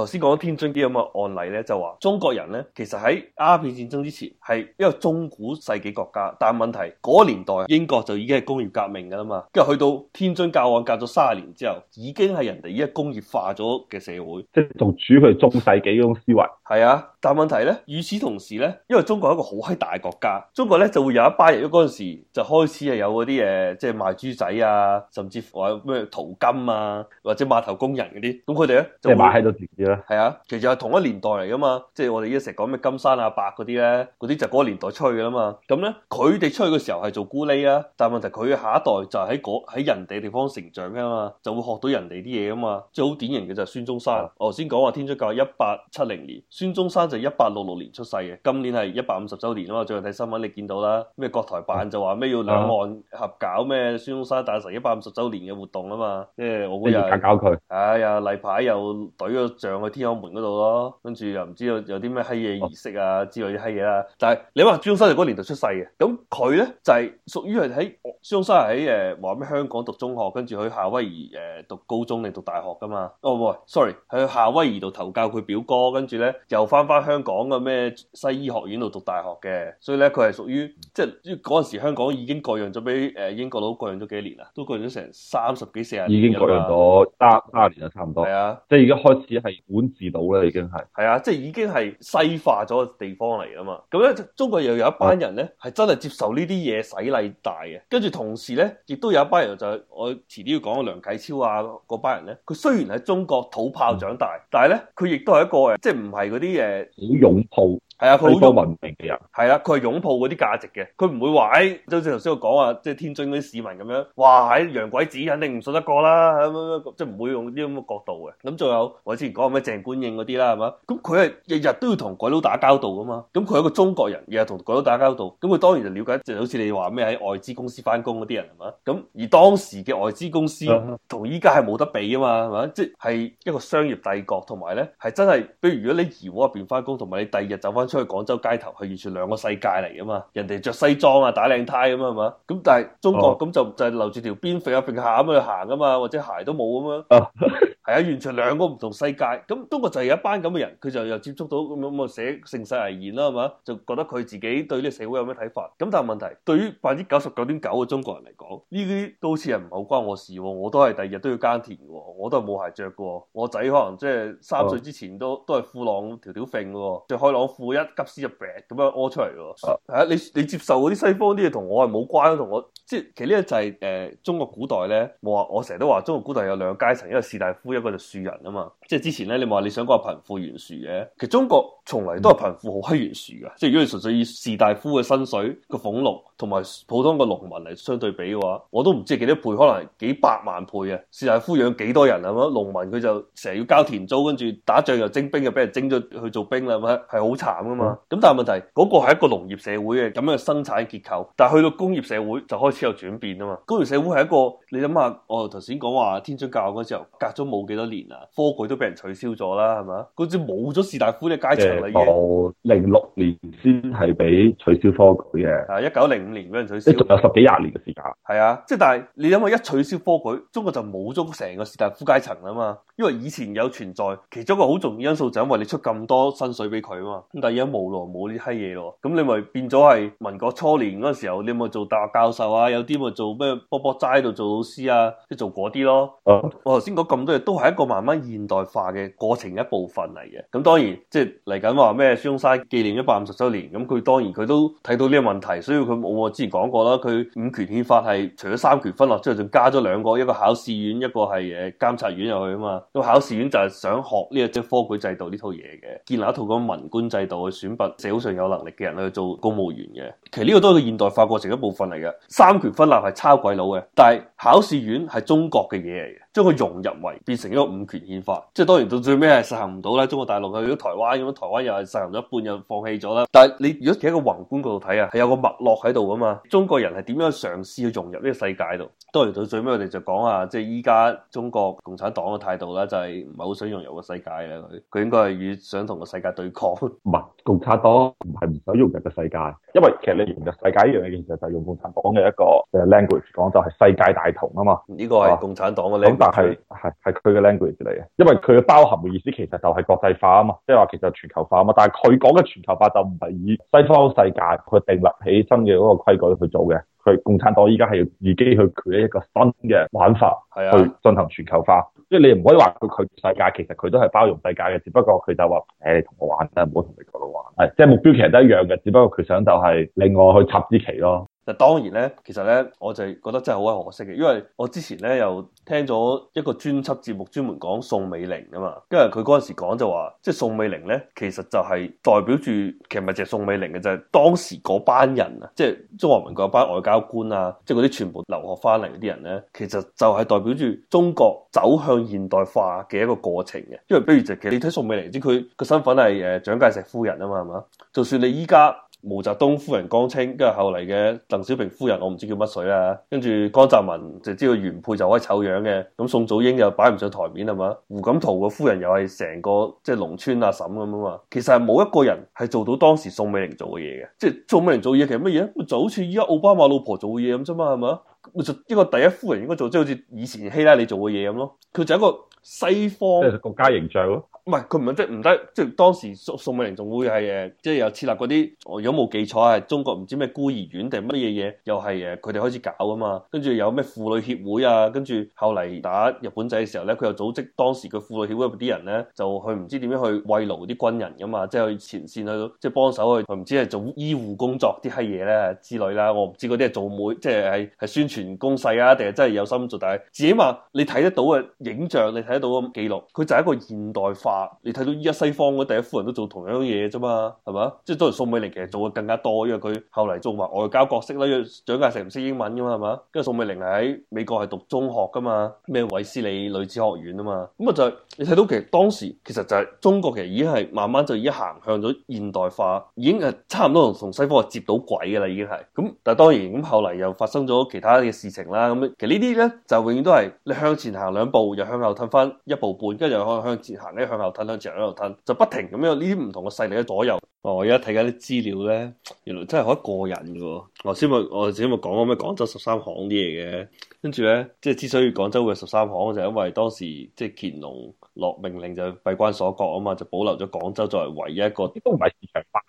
頭先講天津啲咁嘅案例咧，就話中國人咧，其實喺鴉片戰爭之前係一個中古世紀國家，但係問題，嗰年代英國就已經係工業革命噶啦嘛，跟住去到天津教案隔咗三十年之後，已經係人哋已經工業化咗嘅社會，即係仲處於中世紀嗰種思維。係啊。但問題咧，與此同時咧，因為中國係一個好閪大嘅國家，中國咧就會有一班人，嗰陣時，就開始啊有嗰啲誒，即係賣豬仔啊，甚至乎話咩淘金啊，或者碼頭工人嗰啲，咁佢哋咧就賣咗自己啦。係啊，其實係同一年代嚟噶嘛，即係我哋依家成講咩金山阿伯嗰啲咧，嗰啲就嗰個年代出嚟噶嘛。咁咧佢哋出去嘅時候係做咕喱啊。但係問題佢下一代就喺喺人哋地方成長噶嘛，就會學到人哋啲嘢噶嘛，即係好典型嘅就係孫中山。的我頭先講話天主教一八七零年，孫中山。就一八六六年出世嘅，今年係一百五十周年啊嘛。最近睇新聞，你見到啦，咩國台辦就話咩要兩岸合搞咩、啊、孫中山誕辰一百五十週年嘅活動啊嘛。即、就、係、是、我嗰日合攪佢，架架哎呀，例牌又懟咗仗去天安門嗰度咯，跟住又唔知道有有啲咩閪嘢儀式啊，啊之類啲閪嘢啦。但係你話孫中山係嗰年度出世嘅，咁佢咧就係屬於係喺孫中山係喺誒話咩香港讀中學，跟住去夏威夷誒讀高中定讀大學㗎嘛？哦，唔係，sorry，去夏威夷度投教佢表哥，跟住咧又翻返。香港嘅咩西醫學院度讀大學嘅，所以咧佢係屬於即係嗰陣時香港已經割讓咗俾誒英國佬，割讓咗幾年啦，都割讓咗成三十幾、四啊年啦。已經割讓咗三年啦，差唔多係啊，即係已經開始係管治到啦，已經係係啊，即係已經係西化咗地方嚟啊嘛。咁咧，中國又有一班人咧，係真係接受呢啲嘢洗禮大嘅，跟住同時咧，亦都有一班人就係我遲啲要講嘅梁啟超啊嗰班人咧，佢雖然喺中國土炮長大，嗯、但係咧佢亦都係一個誒，即係唔係嗰啲誒。好擁抱。係啊，佢好多文明嘅人。係啊，佢係擁抱嗰啲價值嘅，佢唔會話就好似頭先我講啊，即係天津嗰啲市民咁樣，話喺洋鬼子肯定唔信得過啦，咁樣即係唔會用啲咁嘅角度嘅。咁仲有我之前講咩鄭觀應嗰啲啦，係嘛？咁佢係日日都要同鬼佬打交道噶嘛，咁佢係一個中國人日日同鬼佬打交道，咁佢當然就了解，就好似你話咩喺外資公司翻工嗰啲人係嘛？咁而當時嘅外資公司同依家係冇得比啊嘛，係嘛？即係一個商業帝國，同埋咧係真係，譬如如果你怡和入邊翻工，同埋你第二日走翻。出去廣州街頭係完全兩個世界嚟噶嘛，人哋着西裝啊，打靚呔咁啊嘛，咁但係中國咁、oh. 就就係、留住條邊肥啊肥下咁去行噶嘛，或者鞋都冇咁樣。Oh. 係啊，完全兩個唔同世界。咁中國就係一班咁嘅人，佢就又接觸到咁咁寫盛世危言啦，係嘛？就覺得佢自己對呢個社會有咩睇法。咁但係問題，對於百分之九十九點九嘅中國人嚟講，呢啲都好似係唔係好關我事。我都係第二日都要耕田嘅，我都係冇鞋着嘅。我仔可能即係三歲之前都都係褲浪條條揈嘅，著開浪褲一急屎入病咁樣屙出嚟嘅。係啊，uh-huh. 你你接受嗰啲西方啲嘢同我係冇關，同我。即係其實呢個就係誒中國古代咧，我我成日都話中國古代有兩個階層，一個士大夫，一個就庶人啊嘛。即係之前咧，你話你想講貧富懸殊嘅，其實中國從嚟都係貧富好閪懸殊噶。即係如果你純粹以士大夫嘅薪水、個俸祿同埋普通個農民嚟相對比嘅話，我都唔知幾多倍，可能幾百萬倍啊！士大夫養幾多人啊嘛，農民佢就成日要交田租，跟住打仗又徵兵，又俾人徵咗去做兵啦，咁係好慘噶嘛。咁但係問題嗰個係一個農業社會嘅咁樣嘅生產結構，但係去到工業社會就開始，之後有轉變啊嘛！嗰段社會係一個你諗下，我頭先講話天津教嗰時候，隔咗冇幾多年啊，科舉都俾人取消咗啦，係嘛？嗰陣冇咗士大夫呢階層啦，哦，零六年先係俾取消科舉嘅。係一九零五年俾人取消。有十幾廿年嘅時間。係啊，即係但係你諗下，一取消科舉，中國就冇咗成個士大夫階層啊嘛！因為以前有存在，其中一個好重要因素就係因為你出咁多薪水俾佢啊嘛，咁但係而家冇咯，冇呢啲閪嘢咯，咁你咪變咗係民國初年嗰陣時候，你有冇做大學教授啊？有啲咪做咩波波齋度做老師啊，即係做嗰啲咯。嗯、我頭先講咁多嘢，都係一個慢慢現代化嘅過程一部分嚟嘅。咁當然即係嚟緊話咩孫中山紀念一百五十周年，咁佢當然佢都睇到呢個問題，所以佢冇，我之前講過啦。佢五權憲法係除咗三權分立之外，仲加咗兩個，一個考試院，一個係誒監察院入去啊嘛。咁考試院就係想學呢個即科舉制度呢套嘢嘅，建立一套咁文官制度去選拔社會上有能力嘅人去做公務員嘅。其實呢個都係個現代化過程一部分嚟嘅。三權分立係抄鬼佬嘅，但係考試院係中國嘅嘢嚟嘅，將佢融入為變成一個五權憲法，即係當然到最尾係實行唔到啦。中國大陸去咗台灣，咁台灣又係實行咗一半又放棄咗啦。但係你如果企喺個宏觀角度睇啊，係有個脈絡喺度噶嘛。中國人係點樣嘗試去融入呢個世界度？當然到最尾我哋就講下，即係依家中國共產黨嘅態度啦，就係唔係好想融入個世界嘅，佢應該係與想同個世界對抗。 共產黨唔係唔使用日嘅世界，因為其實你用日世界一樣嘅嘢，其實就是、用共產黨嘅一個 language 講，就係、是、世界大同啊嘛。呢個係共產黨嘅 language、啊。但係係係佢嘅 language 嚟嘅，因為佢嘅包含嘅意思其實就係國際化啊嘛，即係話其實全球化啊嘛。但係佢講嘅全球化就唔係以西方世界佢定立起身嘅嗰個規矩去做嘅。佢共產黨而家係要自己去掘一個新嘅玩法，係啊，去進行全球化。即係是的 你唔可以話佢拒絕世界，其實佢都係包容世界嘅，只不過佢就話誒，同、欸、我玩得，唔好同你嗰度玩。係，即係目標其實都一樣嘅，只不過佢想就係另外去插支旗咯。當然咧，其實咧，我就係覺得真係好可惜嘅，因為我之前咧又聽咗一個專輯節目，專門講宋美齡啊嘛。因為佢嗰陣時講就話，即係宋美齡咧，其實就係代表住，其實唔係就宋美齡嘅啫，就係、當時嗰班人啊，即係中華民國嗰班外交官啊，即係嗰啲全部留學翻嚟嗰啲人咧，其實就係代表住中國走向現代化嘅一個過程嘅。因為不如就係、其實你睇宋美齡，知佢個身份係誒、呃、蔣介石夫人啊嘛，係嘛？就算你依家。毛澤東夫人江青，跟住後嚟嘅鄧小平夫人，我唔知叫乜水啦，跟住江澤民就知道原配就可以醜樣嘅，咁宋祖英又擺唔上台面係嘛？胡錦濤嘅夫人又係成個即係農村阿嬸咁啊嘛，其實係冇一個人係做到當時宋美齡做嘅嘢嘅，即係宋美齡做嘢其實乜嘢？就好似依家奧巴馬老婆做嘅嘢咁啫嘛，係嘛？就呢個第一夫人應該做即係好似以前希拉里做嘅嘢咁咯，佢就係一個西方即係國家形象咯。唔係，佢唔係，即係唔得，即係當時宋，宋美齡仲會係誒，即係又設立嗰啲，如果冇記錯係中國唔知咩孤兒院定乜嘢嘢，又係誒佢哋開始搞啊嘛。跟住有咩婦女協會啊，跟住後嚟打日本仔嘅時候咧，佢又組織當時佢婦女協會啲人咧，就去唔知點樣去慰勞啲軍人噶嘛，即係去前線去即係、就是、幫手去，唔知係做醫護工作啲係嘢咧之類啦。我唔知嗰啲係做每即係係係宣傳攻勢啊，定係真係有心做但係。最起碼你睇得到嘅影像，你睇得到嘅記錄，佢就係一個現代化。你睇到依家西方嘅第一夫人都做同樣嘢啫嘛，係嘛？即係當然宋美齡其實做嘅更加多，因為佢後嚟做埋外交角色啦，因蔣介石唔識英文噶嘛，係嘛？跟住宋美齡係喺美國係讀中學噶嘛，咩韋斯利女子學院啊嘛，咁啊就係、是、你睇到其實當時其實就係中國其實已經係慢慢就已經行向咗現代化，已經係差唔多同西方係接到軌嘅啦，已經係。咁但係當然咁後嚟又發生咗其他嘅事情啦。咁其實呢啲咧就永遠都係你向前行兩步，又向後退翻一步半，跟住又可以向前行咧，又向後。吞兩隻喺度吞，就不停咁樣呢啲唔同嘅勢力喺左右。哦，我而家睇緊啲資料咧，原來真係好過癮嘅喎。我先咪我頭先咪講過咩廣州十三行啲嘢嘅，跟住咧，即係之所以廣州會十三行，就係因為當時即係乾隆落命令就閉關鎖國啊嘛，就保留咗廣州作為唯一一個。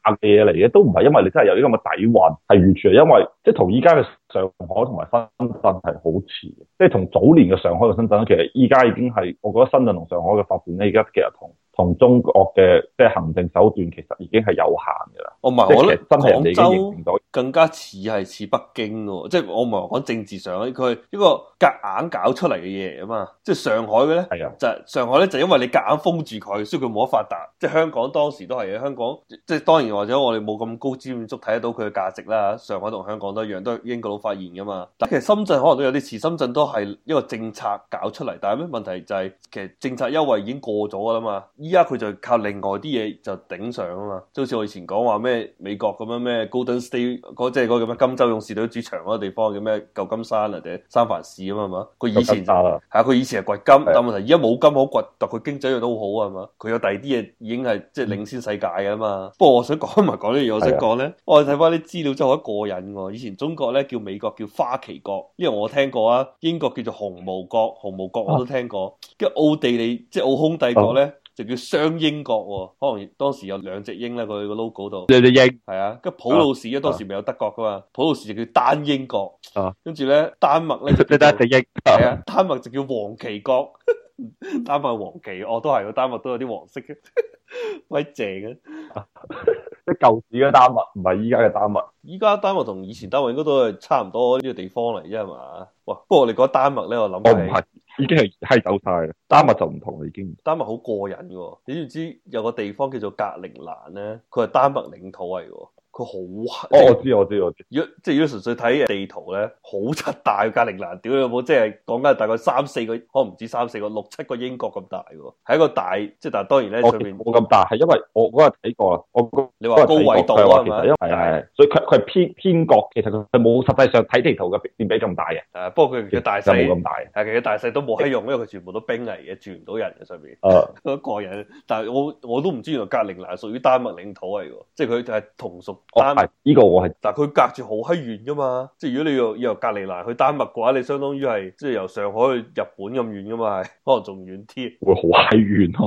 下嘅嘢嚟嘅，都唔係因為你真係有啲咁嘅底蘊，係完全係因為即係同依家嘅上海同埋深圳係好似嘅，即係同早年嘅上海同深圳，其實依家已經係我覺得深圳同上海嘅發展咧，而家其實同同中國嘅即係行政手段其實已經係有限嘅啦。我唔係，我覺得廣州更加似係似北京喎，即係我唔係講政治上佢係一個夾硬搞出嚟嘅嘢啊嘛。即係上海嘅咧，的就係上海咧就因為你夾硬封住佢，所以佢冇得發達。即係香港當時都係嘅，香港即係當然或者我哋冇咁高瞻遠矚睇得到佢嘅價值啦。上海同香港都一樣，都係英國佬發現噶嘛。但其實深圳可能都有啲似，深圳都係一個政策搞出嚟，但係咩問題就係、是、其實政策優惠已經過咗噶啦嘛。依家佢就靠另外啲嘢就頂上啊嘛。就好似我以前講話咩？美國咁樣咩 Golden State 嗰，即係嗰個金州勇士隊主場嗰個地方叫咩舊金山或者三藩市咁啊嘛，佢以前就係、是、佢、啊、以前係掘金，啊、但問題而家冇金好掘，但佢經濟又都好啊嘛，佢有第二啲嘢已經係即係領先世界噶嘛。不過我想講埋講呢樣嘢，我識講咧，啊、我哋睇翻啲資料真係好過癮、哦、以前中國咧叫美國叫花旗國，因為我聽過啊。英國叫做紅毛國，紅毛國我都聽過。跟奧、啊、地利即係奧匈帝國咧。啊就叫雙鷹國喎、哦，可能當時有兩隻鷹咧，佢個 logo 度兩隻鷹係啊，跟普魯士啊，當時未有德國噶嘛，普魯士就叫單鷹國，啊，跟住咧丹麥咧，一隻鷹係啊，丹麥就叫黃旗國，丹麥黃旗，哦，都係、啊，丹麥都有啲黃色嘅，喂 正啊，即係舊時嘅丹麥，唔係依家嘅丹麥，依家丹麥同以前丹麥應該都係差唔多呢個地方嚟啫係嘛，哇，不過你講丹麥咧，我諗係不。已經係走晒啦，丹麥,丹麥就唔同啦，已經。丹麥好過癮嘅喎，你知唔知有個地方叫做格陵蘭咧，佢係丹麥領土嚟嘅喎。好、哦、我知我知我知。如果即係如果純粹睇地圖咧，好七大嘅格陵蘭，屌有冇？即係講緊大概三四個，可能唔止三四個，六七個英國咁大喎。係一個大，即係但係當然咧，上面冇咁大，係因為我嗰日睇過啦。我你話高緯度啊嘛，嗎其實因為係係。所以佢佢係偏偏角，其實佢冇實際上睇地圖嘅面積咁大嘅。係、啊、不過佢嘅大細，就冇咁大。係其實大細都冇乜用，因為佢全部都冰嚟嘅，住唔到人喺上面。嗯、啊，好過癮。但係我我都唔知原來格陵蘭屬於丹麥領土嚟㗎，即係佢就係同屬。我係呢個我係，但係佢隔住好閪遠噶嘛，即如果你要由，由格陵蘭去丹麥嘅話，你相當於係即係由上海去日本咁遠噶嘛係，可能仲遠添，會好閪遠呵。